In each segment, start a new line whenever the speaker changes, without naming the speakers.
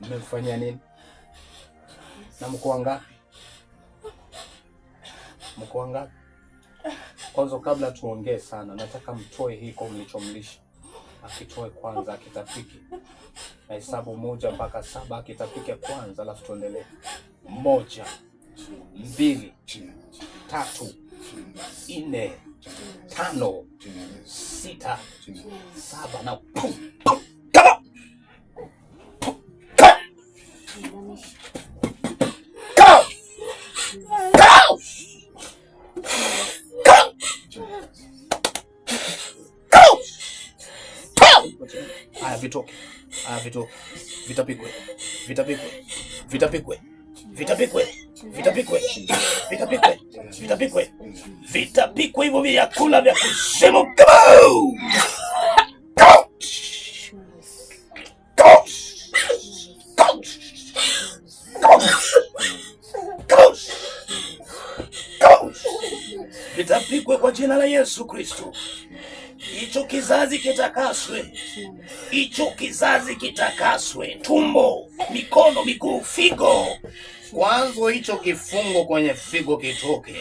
Mmemfanyia nini? Na mko wangapi? Mko wangapi? Kwanza kabla tuongee sana, nataka mtoe hiko mlichomlisha. Akitoe kwanza, akitapiki na hesabu moja mpaka saba, akitapike kwanza, alafu tuendelee. Moja, mbili, tatu, nne, tano, sita, saba na pum, pum. Haya, vitoke. Haya, vitoke. Vitapikwe. Vitapikwe. Vitapikwe. Vitapikwe. Vitapikwe. Vitapikwe. Vitapikwe. Vitapikwe hivyo vyakula vya kuzimu. Vitapikwe kwa jina la Yesu Kristo hicho kizazi kitakaswe, hicho kizazi kitakaswe, tumbo, mikono, miguu, figo. Kwanza hicho kifungo kwenye figo kitoke,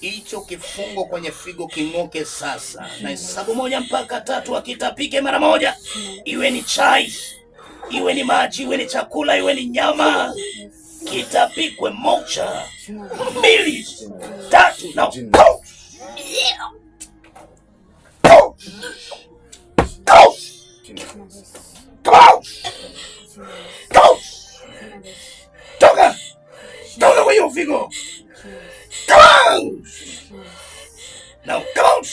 hicho kifungo kwenye figo king'oke. Sasa na hesabu moja mpaka tatu, akitapike mara moja, iwe ni chai, iwe ni maji, iwe ni chakula, iwe ni nyama kitapikwe moja, mbili, tatu na Come on! Go! Toga! Toga with you, Figo! não on! não come on!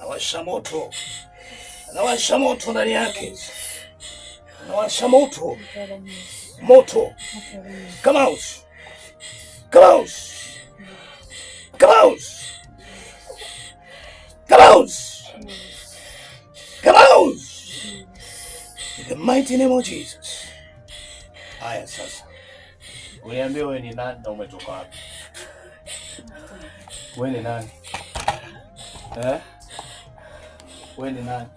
não moto. Anawasha moto ndani yake. Anawasha moto. Moto. Come out. Come out. Come the mighty name of Jesus. Haya sasa,
uniambie wewe ni nani na umetoka wapi? Wewe ni nani eh? Wewe ni nani?